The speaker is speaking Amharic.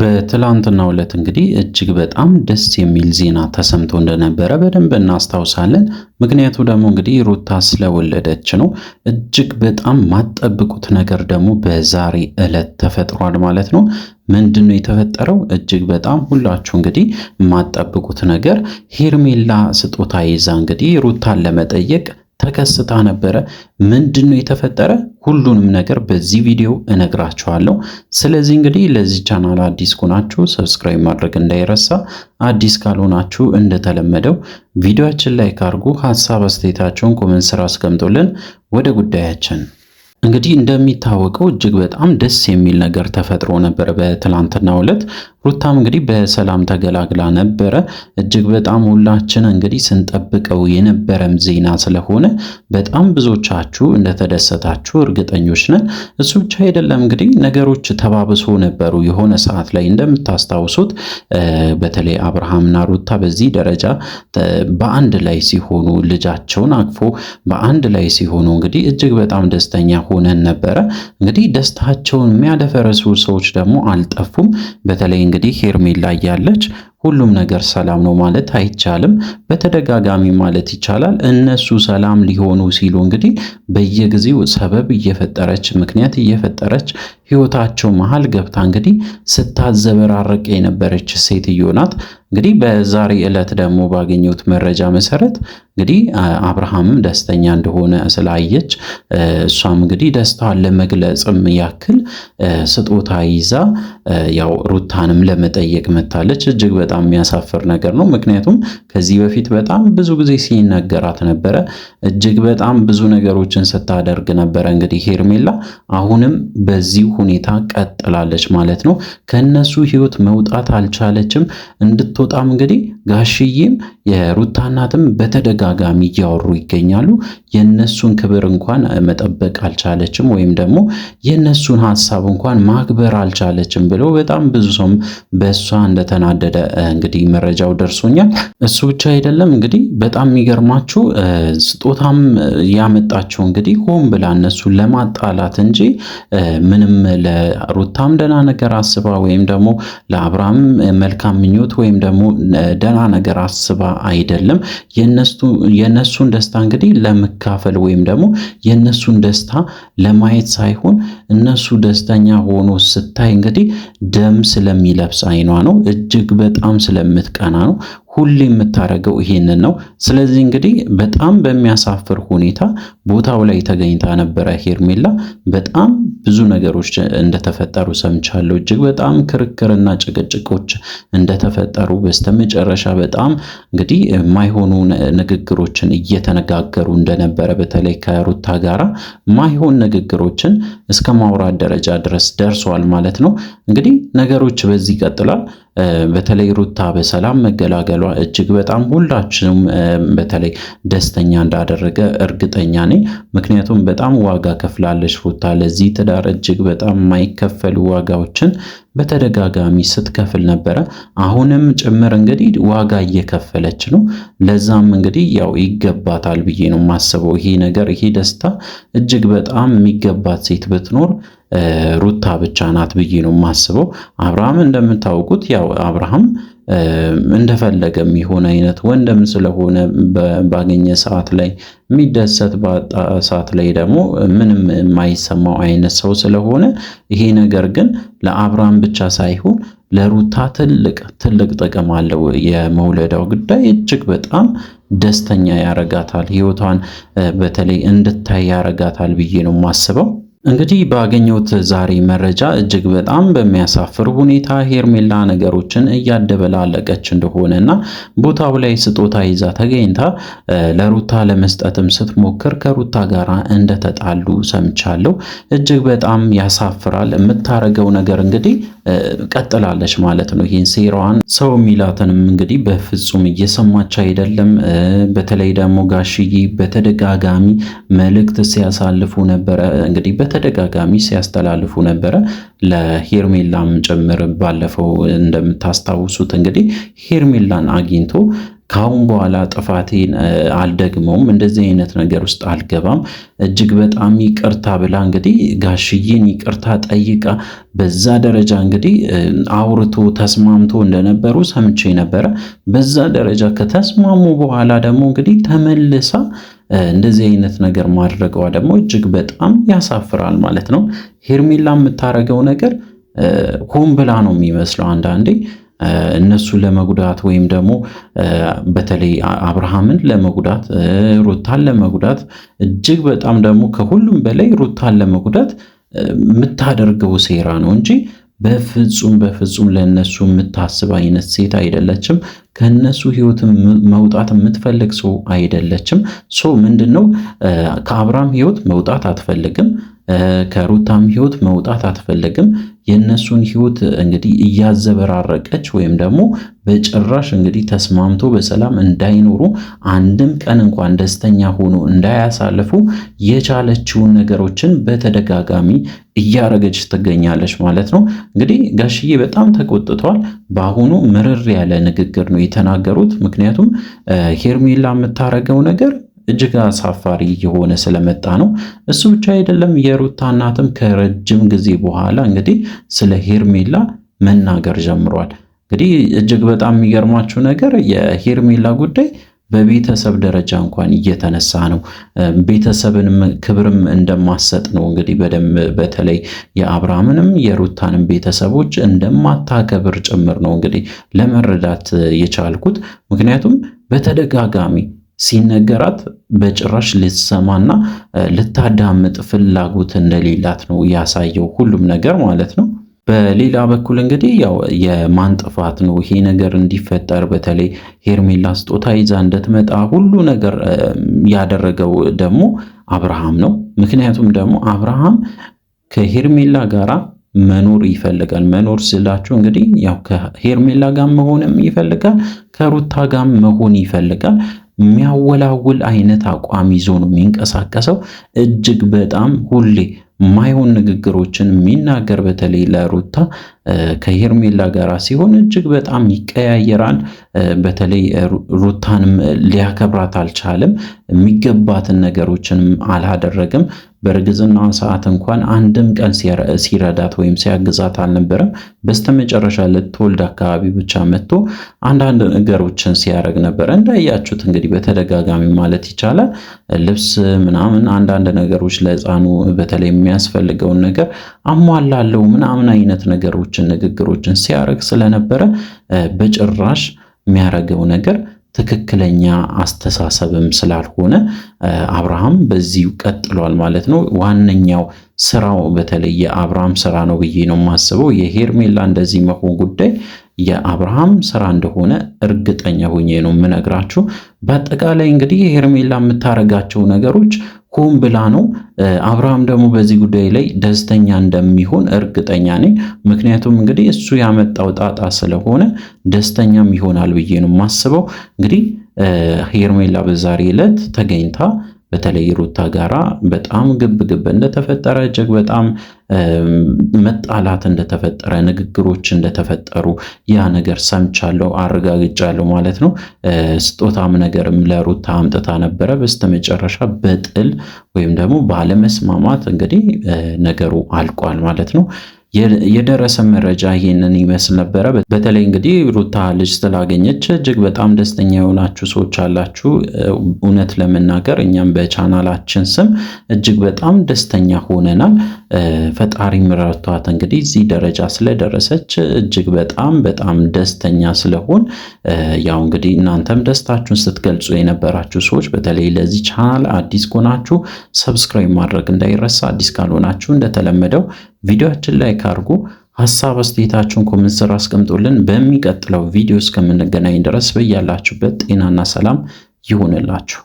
በትላንትና ዕለት እንግዲህ እጅግ በጣም ደስ የሚል ዜና ተሰምቶ እንደነበረ በደንብ እናስታውሳለን። ምክንያቱ ደግሞ እንግዲህ ሩታ ስለወለደች ነው። እጅግ በጣም ማጠብቁት ነገር ደግሞ በዛሬ ዕለት ተፈጥሯል ማለት ነው። ምንድን ነው የተፈጠረው? እጅግ በጣም ሁላችሁ እንግዲህ የማጠብቁት ነገር ሄርሜላ ስጦታ ይዛ እንግዲህ ሩታን ለመጠየቅ ተከስታ ነበረ። ምንድን ነው የተፈጠረ? ሁሉንም ነገር በዚህ ቪዲዮ እነግራችኋለሁ። ስለዚህ እንግዲህ ለዚህ ቻናል አዲስ ከሆናችሁ ሰብስክራይብ ማድረግ እንዳይረሳ፣ አዲስ ካልሆናችሁ እንደተለመደው ቪዲዮአችን ላይ ካርጉ ሀሳብ አስተያየታችሁን ኮሜንት ስራ አስቀምጦልን ወደ ጉዳያችን እንግዲህ እንደሚታወቀው እጅግ በጣም ደስ የሚል ነገር ተፈጥሮ ነበር በትላንትናው ዕለት። ሩታም እንግዲህ በሰላም ተገላግላ ነበረ። እጅግ በጣም ሁላችን እንግዲህ ስንጠብቀው የነበረም ዜና ስለሆነ በጣም ብዙዎቻችሁ እንደተደሰታችሁ እርግጠኞች ነን። እሱ ብቻ አይደለም እንግዲህ ነገሮች ተባብሶ ነበሩ የሆነ ሰዓት ላይ እንደምታስታውሱት፣ በተለይ አብርሃምና ሩታ በዚህ ደረጃ በአንድ ላይ ሲሆኑ ልጃቸውን አቅፎ በአንድ ላይ ሲሆኑ እንግዲህ እጅግ በጣም ደስተኛ ሆነን ነበረ። እንግዲህ ደስታቸውን የሚያደፈረሱ ሰዎች ደግሞ አልጠፉም። በተለይ እንግዲህ ሄርሜላ እያለች ሁሉም ነገር ሰላም ነው ማለት አይቻልም። በተደጋጋሚ ማለት ይቻላል እነሱ ሰላም ሊሆኑ ሲሉ እንግዲህ በየጊዜው ሰበብ እየፈጠረች ምክንያት እየፈጠረች ሕይወታቸው መሃል ገብታ እንግዲህ ስታዘበራረቅ የነበረች ሴትዮ ናት። እንግዲህ በዛሬ ዕለት ደግሞ ባገኘሁት መረጃ መሰረት እንግዲህ አብርሃምም ደስተኛ እንደሆነ ስላየች እሷም እንግዲህ ደስታዋን ለመግለጽም ያክል ስጦታ ይዛ ያው ሩታንም ለመጠየቅ መታለች እጅግ በጣም የሚያሳፍር ነገር ነው። ምክንያቱም ከዚህ በፊት በጣም ብዙ ጊዜ ሲነገራት ነበረ። እጅግ በጣም ብዙ ነገሮችን ስታደርግ ነበረ። እንግዲህ ሄርሜላ አሁንም በዚህ ሁኔታ ቀጥላለች ማለት ነው። ከነሱ ህይወት መውጣት አልቻለችም። እንድትወጣም እንግዲህ ጋሽዬም የሩታ እናትም በተደጋጋሚ እያወሩ ይገኛሉ። የነሱን ክብር እንኳን መጠበቅ አልቻለችም፣ ወይም ደግሞ የነሱን ሀሳብ እንኳን ማክበር አልቻለችም ብለው በጣም ብዙ ሰውም በእሷ እንደተናደደ እንግዲህ መረጃው ደርሶኛል። እሱ ብቻ አይደለም እንግዲህ በጣም የሚገርማችሁ ስጦታም ያመጣቸው እንግዲህ ሆን ብላ እነሱ ለማጣላት እንጂ ምንም ለሩታም ደና ነገር አስባ ወይም ደግሞ ለአብርሃም መልካም ምኞት ወይም ደግሞ ደና ነገር አስባ አይደለም። የእነሱን ደስታ እንግዲህ ለመካፈል ወይም ደግሞ የእነሱን ደስታ ለማየት ሳይሆን እነሱ ደስተኛ ሆኖ ስታይ እንግዲህ ደም ስለሚለብስ አይኗ ነው እጅግ በጣም በጣም ስለምትቀና ነው ሁሌ የምታደርገው ይሄንን ነው። ስለዚህ እንግዲህ በጣም በሚያሳፍር ሁኔታ ቦታው ላይ ተገኝታ ነበረ ሄርሜላ። በጣም ብዙ ነገሮች እንደተፈጠሩ ሰምቻለሁ። እጅግ በጣም ክርክርና ጭቅጭቆች እንደተፈጠሩ በስተመጨረሻ በጣም እንግዲህ ማይሆኑ ንግግሮችን እየተነጋገሩ እንደነበረ በተለይ ከሩታ ጋራ ማይሆን ንግግሮችን እስከ ማውራት ደረጃ ድረስ ደርሷል ማለት ነው። እንግዲህ ነገሮች በዚህ ይቀጥላል። በተለይ ሩታ በሰላም መገላገሏ እጅግ በጣም ሁላችንም በተለይ ደስተኛ እንዳደረገ እርግጠኛ ነኝ። ምክንያቱም በጣም ዋጋ ከፍላለች ሩታ ለዚህ ትዳር እጅግ በጣም የማይከፈሉ ዋጋዎችን በተደጋጋሚ ስትከፍል ነበረ። አሁንም ጭምር እንግዲህ ዋጋ እየከፈለች ነው። ለዛም እንግዲህ ያው ይገባታል ብዬ ነው የማስበው። ይሄ ነገር ይሄ ደስታ እጅግ በጣም የሚገባት ሴት ብትኖር ሩታ ብቻ ናት ብዬ ነው የማስበው። አብርሃም እንደምታውቁት ያው አብርሃም እንደፈለገ የሚሆን አይነት ወንድም ስለሆነ ባገኘ ሰዓት ላይ የሚደሰት ባጣ ሰዓት ላይ ደግሞ ምንም የማይሰማው አይነት ሰው ስለሆነ ይሄ ነገር ግን ለአብርሃም ብቻ ሳይሆን ለሩታ ትልቅ ትልቅ ጥቅም አለው። የመውለዳው ጉዳይ እጅግ በጣም ደስተኛ ያረጋታል፣ ህይወቷን በተለይ እንድታይ ያረጋታል ብዬ ነው የማስበው። እንግዲህ ባገኘሁት ዛሬ መረጃ እጅግ በጣም በሚያሳፍር ሁኔታ ሄርሜላ ነገሮችን እያደበላለቀች እንደሆነና ቦታው ላይ ስጦታ ይዛ ተገኝታ ለሩታ ለመስጠትም ስትሞክር ከሩታ ጋር እንደተጣሉ ሰምቻለሁ። እጅግ በጣም ያሳፍራል። የምታረገው ነገር እንግዲህ ቀጥላለች ማለት ነው ይህን ሴራዋን። ሰው የሚላትንም እንግዲህ በፍጹም እየሰማች አይደለም። በተለይ ደግሞ ጋሽዬ በተደጋጋሚ መልእክት ሲያሳልፉ ነበረ፣ እንግዲህ በተደጋጋሚ ሲያስተላልፉ ነበረ ለሄርሜላም ጭምር። ባለፈው እንደምታስታውሱት እንግዲህ ሄርሜላን አግኝቶ ከአሁን በኋላ ጥፋቴን አልደግመውም፣ እንደዚህ አይነት ነገር ውስጥ አልገባም፣ እጅግ በጣም ይቅርታ ብላ እንግዲህ ጋሽዬን ይቅርታ ጠይቃ በዛ ደረጃ እንግዲህ አውርቶ ተስማምቶ እንደነበሩ ሰምቼ ነበረ። በዛ ደረጃ ከተስማሙ በኋላ ደግሞ እንግዲህ ተመልሳ እንደዚህ አይነት ነገር ማድረገዋ ደግሞ እጅግ በጣም ያሳፍራል ማለት ነው። ሄርሜላ የምታረገው ነገር ሆን ብላ ነው የሚመስለው አንዳንዴ እነሱን ለመጉዳት ወይም ደግሞ በተለይ አብርሃምን ለመጉዳት ሩታን ለመጉዳት እጅግ በጣም ደግሞ ከሁሉም በላይ ሩታን ለመጉዳት የምታደርገው ሴራ ነው እንጂ በፍጹም በፍጹም ለእነሱ የምታስብ አይነት ሴት አይደለችም። ከእነሱ ህይወት መውጣት የምትፈልግ ሰው አይደለችም። ሰው ምንድን ነው ከአብርሃም ህይወት መውጣት አትፈልግም። ከሩታም ህይወት መውጣት አትፈልግም። የእነሱን ህይወት እንግዲህ እያዘበራረቀች ወይም ደግሞ በጭራሽ እንግዲህ ተስማምቶ በሰላም እንዳይኖሩ አንድም ቀን እንኳን ደስተኛ ሆኖ እንዳያሳልፉ የቻለችውን ነገሮችን በተደጋጋሚ እያረገች ትገኛለች ማለት ነው። እንግዲህ ጋሽዬ በጣም ተቆጥቷል። በአሁኑ ምርር ያለ ንግግር ነው የተናገሩት። ምክንያቱም ሄርሜላ የምታረገው ነገር እጅግ አሳፋሪ የሆነ ስለመጣ ነው። እሱ ብቻ አይደለም። የሩታ እናትም ከረጅም ጊዜ በኋላ እንግዲህ ስለ ሄርሜላ መናገር ጀምሯል። እንግዲህ እጅግ በጣም የሚገርማችሁ ነገር የሄርሜላ ጉዳይ በቤተሰብ ደረጃ እንኳን እየተነሳ ነው። ቤተሰብንም ክብርም እንደማሰጥ ነው እንግዲህ በደንብ በተለይ የአብርሃምንም የሩታንም ቤተሰቦች እንደማታከብር ጭምር ነው እንግዲህ ለመረዳት የቻልኩት። ምክንያቱም በተደጋጋሚ ሲነገራት በጭራሽ ልትሰማና ልታዳምጥ ፍላጎት እንደሌላት ነው ያሳየው ሁሉም ነገር ማለት ነው። በሌላ በኩል እንግዲህ ያው የማን ጥፋት ነው ይሄ ነገር እንዲፈጠር? በተለይ ሄርሜላ ስጦታ ይዛ እንደትመጣ ሁሉ ነገር ያደረገው ደግሞ አብርሃም ነው። ምክንያቱም ደግሞ አብርሃም ከሄርሜላ ጋር መኖር ይፈልጋል። መኖር ስላችሁ እንግዲህ ያው ከሄርሜላ ጋር መሆንም ይፈልጋል፣ ከሩታ ጋር መሆን ይፈልጋል። የሚያወላውል አይነት አቋም ይዞ ነው የሚንቀሳቀሰው። እጅግ በጣም ሁሌ ማይሆን ንግግሮችን የሚናገር በተለይ ለሩታ ከሄርሜላ ጋር ሲሆን እጅግ በጣም ይቀያየራል። በተለይ ሩታንም ሊያከብራት አልቻለም። የሚገባትን ነገሮችንም አላደረግም። በእርግዝና ሰዓት እንኳን አንድም ቀን ሲረዳት ወይም ሲያግዛት አልነበረም። በስተመጨረሻ ልትወልድ አካባቢ ብቻ መጥቶ አንዳንድ ነገሮችን ሲያደርግ ነበረ። እንዳያችሁት እንግዲህ በተደጋጋሚ ማለት ይቻላል ልብስ ምናምን፣ አንዳንድ ነገሮች ለሕፃኑ በተለይ የሚያስፈልገውን ነገር አሟላለው ምናምን አይነት ነገሮች ሀሳቦችን ንግግሮችን ሲያረግ ስለነበረ በጭራሽ የሚያደርገው ነገር ትክክለኛ አስተሳሰብም ስላልሆነ አብርሃም በዚሁ ቀጥሏል ማለት ነው። ዋነኛው ስራው በተለይ የአብርሃም ስራ ነው ብዬ ነው የማስበው። የሄርሜላ እንደዚህ መሆን ጉዳይ የአብርሃም ስራ እንደሆነ እርግጠኛ ሆኜ ነው የምነግራችሁ። በአጠቃላይ እንግዲህ ሄርሜላ የምታረጋቸው ነገሮች ሆን ብላ ነው። አብርሃም ደግሞ በዚህ ጉዳይ ላይ ደስተኛ እንደሚሆን እርግጠኛ ነኝ። ምክንያቱም እንግዲህ እሱ ያመጣው ጣጣ ስለሆነ ደስተኛም ይሆናል ብዬ ነው የማስበው። እንግዲህ ሄርሜላ በዛሬ ዕለት ተገኝታ በተለይ ሩታ ጋራ በጣም ግብ ግብ እንደተፈጠረ እጅግ በጣም መጣላት እንደተፈጠረ ንግግሮች እንደተፈጠሩ ያ ነገር ሰምቻለሁ፣ አረጋግጫለሁ ማለት ነው። ስጦታም ነገርም ለሩታ አምጥታ ነበረ። በስተመጨረሻ በጥል ወይም ደግሞ ባለመስማማት እንግዲህ ነገሩ አልቋል ማለት ነው። የደረሰ መረጃ ይህንን ይመስል ነበረ። በተለይ እንግዲህ ሩታ ልጅ ስላገኘች እጅግ በጣም ደስተኛ የሆናችሁ ሰዎች አላችሁ። እውነት ለመናገር እኛም በቻናላችን ስም እጅግ በጣም ደስተኛ ሆነናል። ፈጣሪ ምረቷት እንግዲህ እዚህ ደረጃ ስለደረሰች እጅግ በጣም በጣም ደስተኛ ስለሆን ያው እንግዲህ እናንተም ደስታችሁን ስትገልጹ የነበራችሁ ሰዎች በተለይ ለዚህ ቻናል አዲስ ከሆናችሁ ሰብስክራይብ ማድረግ እንዳይረሳ፣ አዲስ ካልሆናችሁ እንደተለመደው ቪዲዮችን ላይ ካርጉ ሀሳብ አስተያየታችሁን ኮሜንት ስር አስቀምጡልን። በሚቀጥለው ቪዲዮ እስከምንገናኝ ድረስ በያላችሁበት ጤናና ሰላም ይሁንላችሁ።